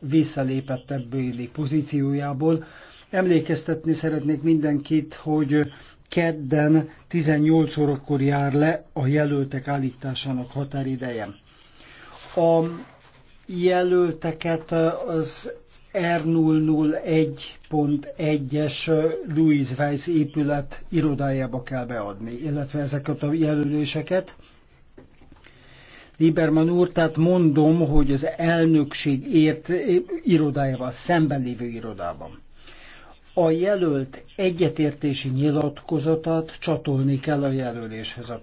visszalépett ebből pozíciójából. Emlékeztetni szeretnék mindenkit, hogy kedden 18 órakor jár le a jelöltek állításának határideje. A jelölteket az R001.1-es Louis Weiss épület irodájába kell beadni, illetve ezeket a jelöléseket. Lieberman úr, tehát mondom, hogy az elnökség ért eh, irodájával, szemben lévő irodában. A jelölt egyetértési nyilatkozatát csatolni kell a jelöléshez. A